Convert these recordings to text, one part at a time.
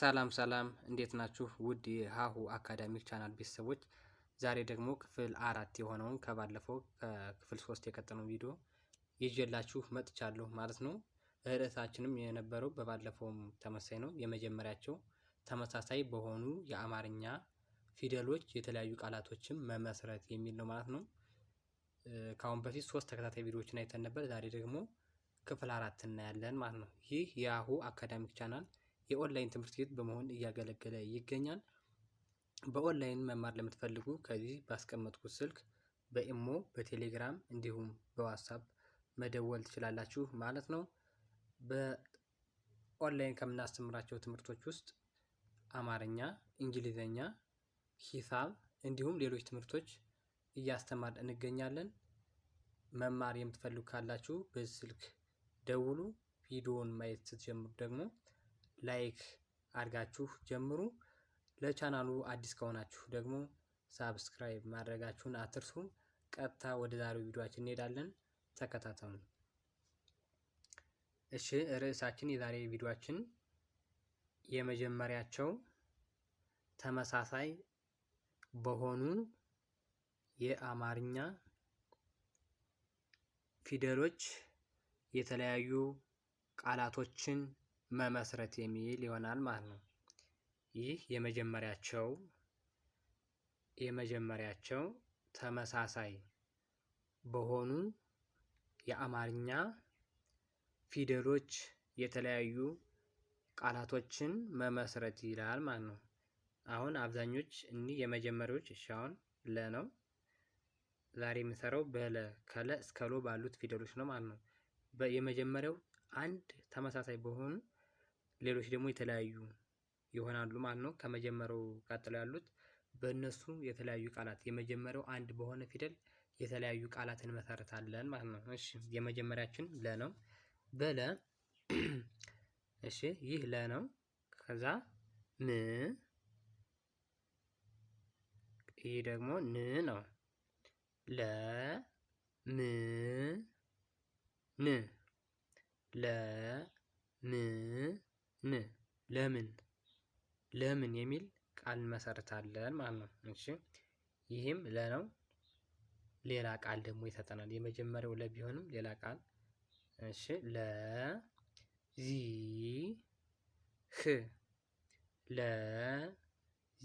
ሰላም ሰላም እንዴት ናችሁ? ውድ የሀሁ አካዳሚክ ቻናል ቤተሰቦች፣ ዛሬ ደግሞ ክፍል አራት የሆነውን ከባለፈው ከክፍል ሶስት የቀጠነው ቪዲዮ ይዤላችሁ መጥቻለሁ ማለት ነው። ርዕሳችንም የነበረው በባለፈውም ተመሳይ ነው። የመጀመሪያቸው ተመሳሳይ በሆኑ የአማርኛ ፊደሎች የተለያዩ ቃላቶችን መመስረት የሚል ነው ማለት ነው። ከአሁን በፊት ሶስት ተከታታይ ቪዲዮዎችን አይተን ነበር። ዛሬ ደግሞ ክፍል አራት እናያለን ማለት ነው። ይህ የሀሁ አካዳሚክ ቻናል የኦንላይን ትምህርት ቤት በመሆን እያገለገለ ይገኛል። በኦንላይን መማር ለምትፈልጉ ከዚህ ባስቀመጥኩት ስልክ በኢሞ በቴሌግራም እንዲሁም በዋትሳፕ መደወል ትችላላችሁ ማለት ነው። በኦንላይን ከምናስተምራቸው ትምህርቶች ውስጥ አማርኛ፣ እንግሊዝኛ፣ ሂሳብ እንዲሁም ሌሎች ትምህርቶች እያስተማር እንገኛለን። መማር የምትፈልጉ ካላችሁ በዚህ ስልክ ደውሉ። ቪዲዮውን ማየት ስትጀምሩ ደግሞ ላይክ አድርጋችሁ ጀምሩ። ለቻናሉ አዲስ ከሆናችሁ ደግሞ ሳብስክራይብ ማድረጋችሁን አትርሱ። ቀጥታ ወደ ዛሬው ቪዲዮችን እንሄዳለን። ተከታተሉ። እሺ ርዕሳችን የዛሬ ቪዲዮችን የመጀመሪያቸው ተመሳሳይ በሆኑ የአማርኛ ፊደሎች የተለያዩ ቃላቶችን መመስረት የሚል ይሆናል ማለት ነው። ይህ የመጀመሪያቸው የመጀመሪያቸው ተመሳሳይ በሆኑ የአማርኛ ፊደሎች የተለያዩ ቃላቶችን መመስረት ይላል ማለት ነው። አሁን አብዛኞች እኒህ የመጀመሪያዎች እሻውን ለ ነው። ዛሬ የምሰራው በለ ከለ እስከ ሎ ባሉት ፊደሎች ነው ማለት ነው። የመጀመሪያው አንድ ተመሳሳይ በሆኑ ሌሎች ደግሞ የተለያዩ ይሆናሉ ማለት ነው። ከመጀመሪያው ቀጥሎ ያሉት በእነሱ የተለያዩ ቃላት የመጀመሪያው አንድ በሆነ ፊደል የተለያዩ ቃላት እንመሰርታለን ማለት ነው። እሺ የመጀመሪያችን ለ ነው። በለ እሺ፣ ይህ ለ ነው። ከዛ ም፣ ይህ ደግሞ ን ነው። ለ ም ን ለ ም ን ለምን ለምን የሚል ቃል እንመሰርታለን ማለት ነው። እሺ ይህም ነው። ሌላ ቃል ደግሞ ይሰጠናል። የመጀመሪያው ለቢሆንም ሌላ ቃል እሺ ለ ዚ ህ ለ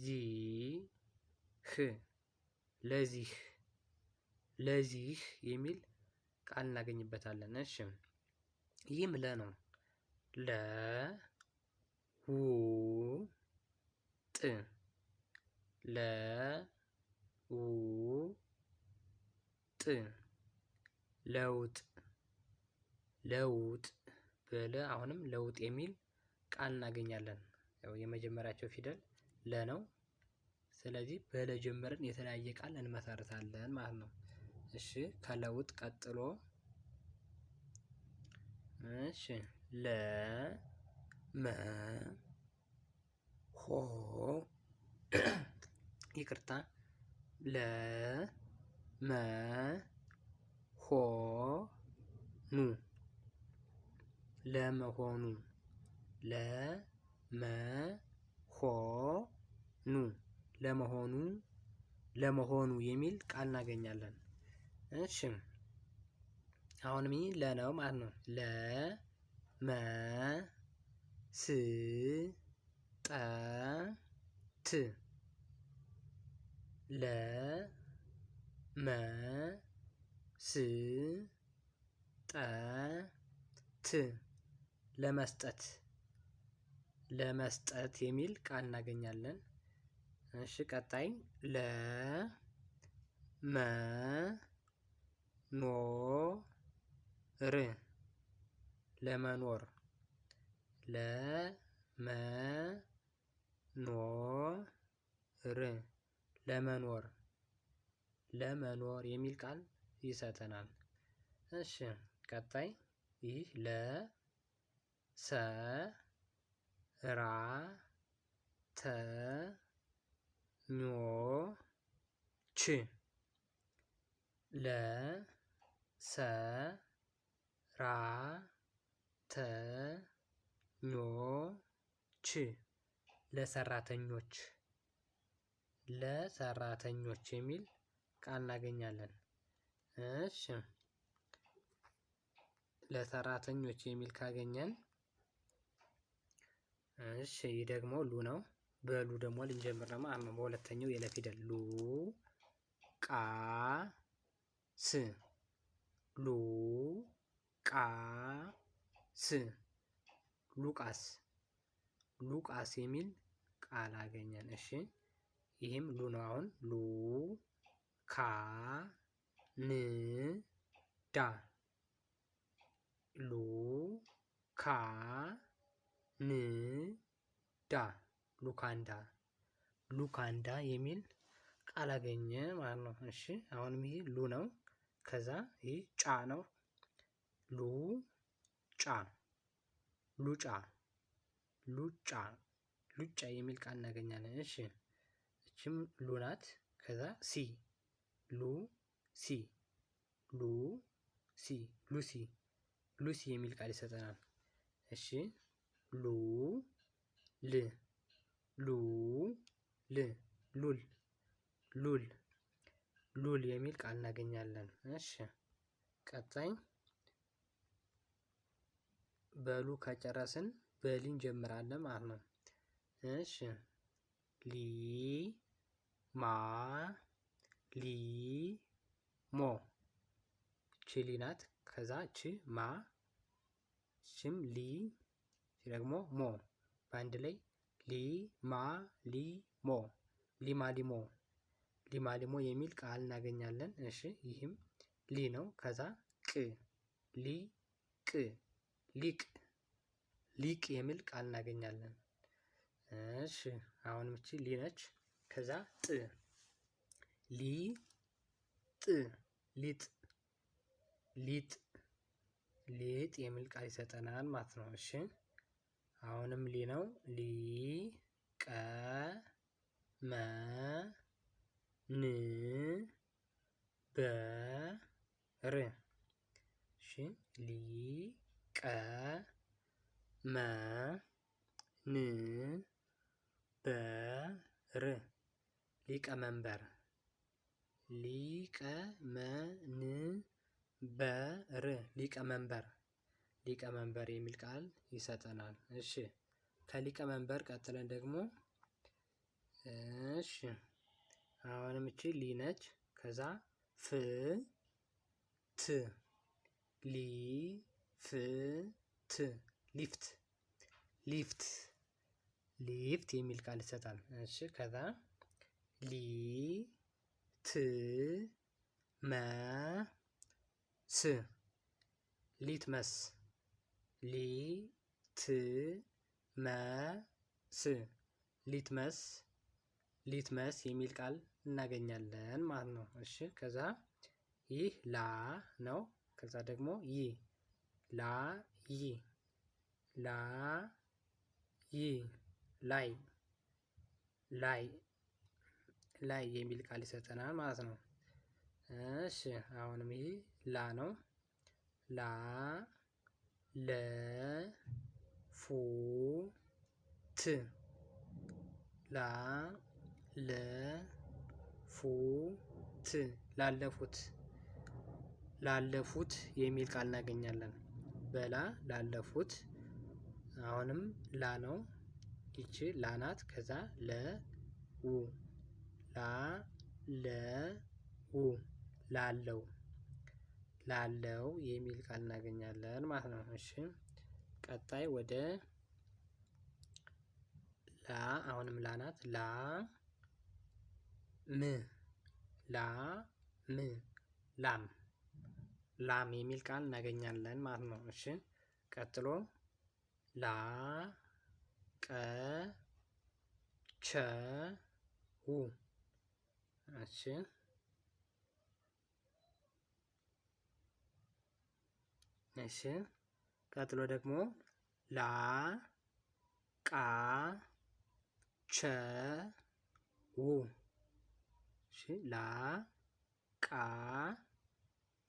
ዚ ህ ለዚህ ለዚህ የሚል ቃል እናገኝበታለን። እሺ ይህም ለ ነው ለ ውጥ ለውጥ ለውጥ ለውጥ በለ አሁንም ለውጥ የሚል ቃል እናገኛለን። ያው የመጀመሪያቸው ፊደል ለ ነው። ስለዚህ በለ ጀመርን የተለያየ ቃል እንመሰርታለን ማለት ነው። እሺ ከለውጥ ቀጥሎ እሺ ለ መ ሆ ይቅርታ ለ መ ሆ ኑ ለመሆኑ ለመሆኑ ለመሆኑ ለመሆኑ የሚል ቃል እናገኛለን። እሺ አሁንም ይህ ለነው ማለት ነው። ለመ ስ ጠ ት ለ መ ስ ጠ ት ለመስጠት ለመስጠት የሚል ቃል እናገኛለን። እሺ ቀጣይ ለ መ ኖ ር ለመኖር ለመኖር ለመኖር ለመኖር የሚል ቃል ይሰጠናል። እሺ ቀጣይ ይህ ለ ሰ ራ ተ ኞች ለሰራተኞች ለሰራተኞች የሚል ቃል እናገኛለን። እሺ ለሰራተኞች የሚል ካገኘን እሺ ይህ ደግሞ ሉ ነው። በሉ ደግሞ ልንጀምር ነው። አሁን በሁለተኛው የለፊደል ሉ ቃ ስ ሉ ቃ ስ ሉቃስ ሉቃስ የሚል ቃል አገኘን። እሺ ይህም ሉ ነው። አሁን ሉ ካ ን ዳ ሉ ካ ን ዳ ሉካንዳ ሉካንዳ የሚል ቃል አገኘ ማለት ነው። እሺ አሁንም ይሄ ሉ ነው። ከዛ ይሄ ጫ ነው። ሉ ጫ ሉጫ ሉጫ ሉጫ የሚል ቃል እናገኛለን። እሺ እችም ሉ ናት። ከዛ ሲ ሉ ሲ ሉ ሲ ሉሲ ሉሲ የሚል ቃል ይሰጠናል። እሺ ሉ ል ሉ ል ሉል ሉል ሉል የሚል ቃል እናገኛለን። እሺ ቀጣይ በሉ ከጨረስን በሊ እንጀምራለን ማለት ነው። እሺ ሊ ማ ሊ ሞ ችሊ ናት። ከዛ ቺ ማ ችም ሊ ደግሞ ሞ በአንድ ላይ ሊ ማ ሊ ሞ ሊማ ሊሞ ሊማ ሊሞ የሚል ቃል እናገኛለን። እሺ ይህም ሊ ነው። ከዛ ቅ ሊ ቅ ሊቅ ሊቅ የሚል ቃል እናገኛለን። እሺ አሁን እቺ ሊ ነች። ከዛ ጥ ሊ ጥ ሊጥ ሊጥ ሊጥ የሚል ቃል ይሰጠናል ማለት ነው። እሺ አሁንም ሊ ነው። ሊ ቀ መ ን በ ር እሺ ሊ ቀ መ ን በ ር ሊቀመንበር ሊቀመንበር ሊቀመንበር ሊቀመንበር የሚል ቃል ይሰጠናል። እሺ ከሊቀመንበር ቀጥለን ደግሞ እሺ አሁንም እቺ ሊ ነች። ከዛ ፍ ት ሊ ት ሊፍት ሊፍት ሊፍት የሚል ቃል ይሰጣል። እሺ ከዛ ሊ ት መ ስ ሊትመስ ሊ ት መ ስ ሊት መስ የሚል ቃል እናገኛለን ማለት ነው። እሺ ከዛ ይህ ላ ነው። ከዛ ደግሞ ይህ ላይ ይ ላይ ላይ ላይ የሚል ቃል ይሰጠናል ማለት ነው። እሺ አሁንም ይህ ላ ነው። ላ ለ ፉ ት ላ ለ ፉ ት ላለፉት ላለፉት የሚል ቃል እናገኛለን። በላ ላለፉት አሁንም ላ ነው። ይቺ ላ ናት። ከዛ ለ ው ላ ለ ው ላለው ላለው የሚል ቃል እናገኛለን ማለት ነው። እሺ ቀጣይ ወደ ላ አሁንም ላ ላ ም ላ ም ላም ላም የሚል ቃል እናገኛለን ማለት ነው። እሺ ቀጥሎ ላ ቀ ቸ ው እሺ እሺ ቀጥሎ ደግሞ ላ ቃ ቸ ው እሺ ላ ቃ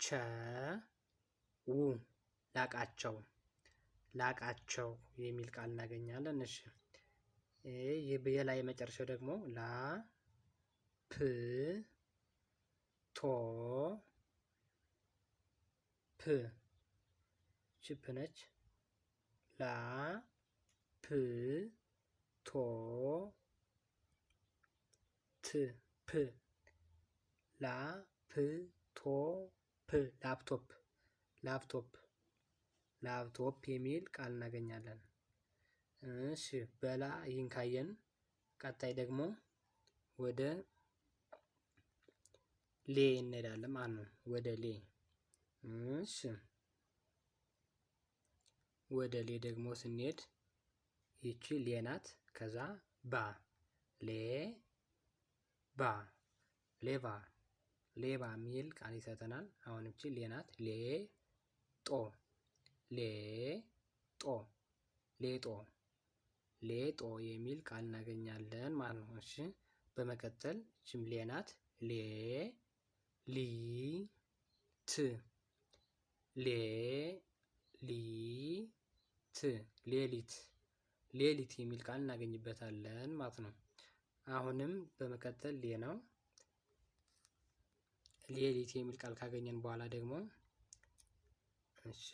ቸው ላቃቸው ላቃቸው የሚል ቃል እናገኛለን። እሺ የላይ የመጨረሻው ደግሞ ላ ፕ ቶ ፕ ችፕ ነች። ላ ፕ ቶ ት ፕ ላ ፕ ቶ ፕ ላፕቶፕ ላፕቶፕ ላፕቶፕ የሚል ቃል እናገኛለን። እሺ በላ ይህን ካየን ቀጣይ ደግሞ ወደ ሌ እንሄዳለን ማለት ነው። ወደ ሌ እሺ ወደ ሌ ደግሞ ስንሄድ ይቺ ሌ ናት። ከዛ ባ ሌ ባ ሌባ ሌባ የሚል ቃል ይሰጠናል። አሁን እቺ ሌ ናት። ሌ ጦ ሌ ጦ ሌ ጦ የሚል ቃል እናገኛለን ማለት ነው። እሺ በመቀጠል እችም ሌ ናት። ሌ ሊ ት ሌ ሊ ት ሌሊት ሌሊት የሚል ቃል እናገኝበታለን ማለት ነው። አሁንም በመቀጠል ሌ ነው። ሌሊት የሚል ቃል ካገኘን በኋላ ደግሞ እሺ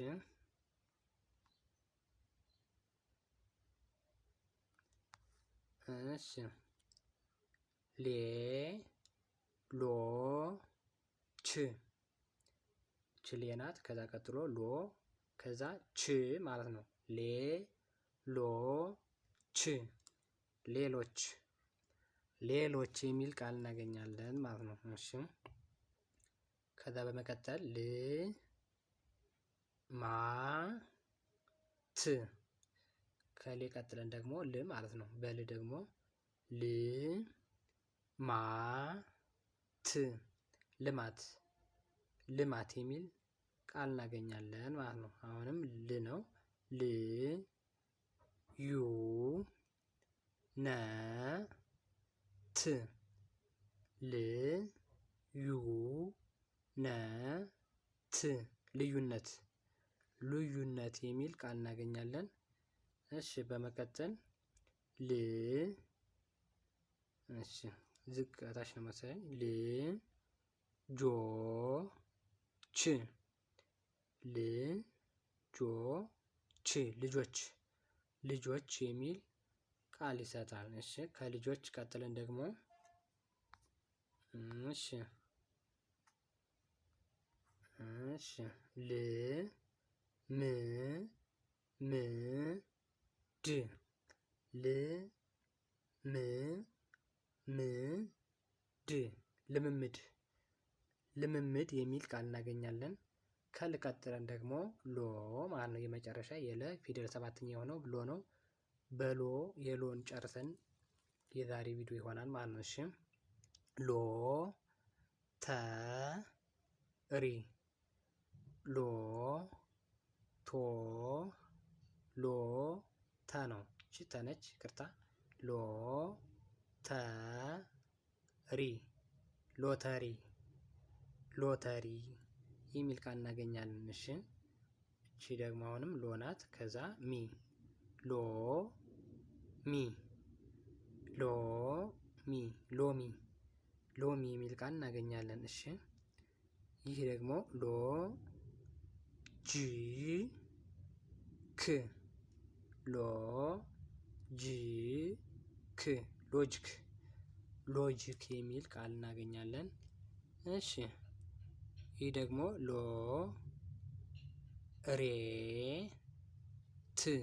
እሺ ሌ ሎ ች ች ሌ ናት። ከዛ ቀጥሎ ሎ ከዛ ች ማለት ነው። ሌ ሎ ች ሌሎች ሌሎች የሚል ቃል እናገኛለን ማለት ነው። እሺ ከዛ በመቀጠል ል ማ ት ከሌ ቀጥለን ደግሞ ል ማለት ነው። በል ደግሞ ል ማ ት ልማት ልማት የሚል ቃል እናገኛለን ማለት ነው። አሁንም ል ነው ል ዩ ነ ት ል ዩ ነት ልዩነት ልዩነት የሚል ቃል እናገኛለን። እሺ በመቀጠል ል እሺ ዝቅ ታች ነው መሰለኝ ል ጆ ች ል ጆ ች ልጆች ልጆች የሚል ቃል ይሰጣል። እሺ ከልጆች ቀጥለን ደግሞ እሺ እሺ ል ም ም ድ ል ም ም ድ ልምምድ ልምምድ የሚል ቃል እናገኛለን። ከልቀጥለን ደግሞ ሎ ማለት ነው። የመጨረሻ የለ ፊደል ሰባተኛ የሆነው ሎ ነው። በሎ የሎን ጨርሰን የዛሬ ቪዲዮ ይሆናል ማለት ነው። እሺ ሎ ተ ሪ ሎ ቶ ሎ ተ ነው። እቺ ተነች ቅርታ ሎ ተ ሪ ሎተሪ ሎተሪ የሚል ቃል እናገኛለን። እሺ እቺ ደግሞ አሁንም ሎ ናት። ከዛ ሚ ሎ ሚ ሎ ሚ ሎሚ ሎሚ የሚል ቃል እናገኛለን። እሺ ይህ ደግሞ ሎ ጂ ክ ሎ ጂ ክ ሎጂክ ሎጂክ የሚል ቃል እናገኛለን። እሺ ይህ ደግሞ ሎ ሬ ት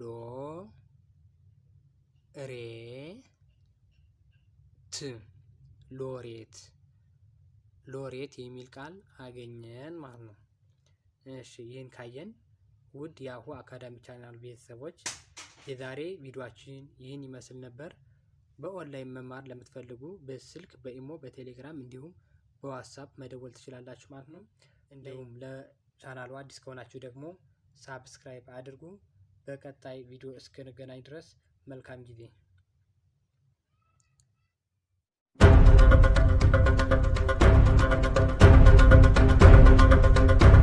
ሎ ሬ ት ሎሬት ሎሬት የሚል ቃል አገኘን ማለት ነው። እሺ ይህን ካየን ውድ የአሁ አካዳሚ ቻናል ቤተሰቦች የዛሬ ቪዲዮችን ይህን ይመስል ነበር። በኦንላይን መማር ለምትፈልጉ በስልክ በኢሞ በቴሌግራም እንዲሁም በዋትሳፕ መደወል ትችላላችሁ ማለት ነው። እንዲሁም ለቻናሉ አዲስ ከሆናችሁ ደግሞ ሳብስክራይብ አድርጉ። በቀጣይ ቪዲዮ እስክንገናኝ ድረስ መልካም ጊዜ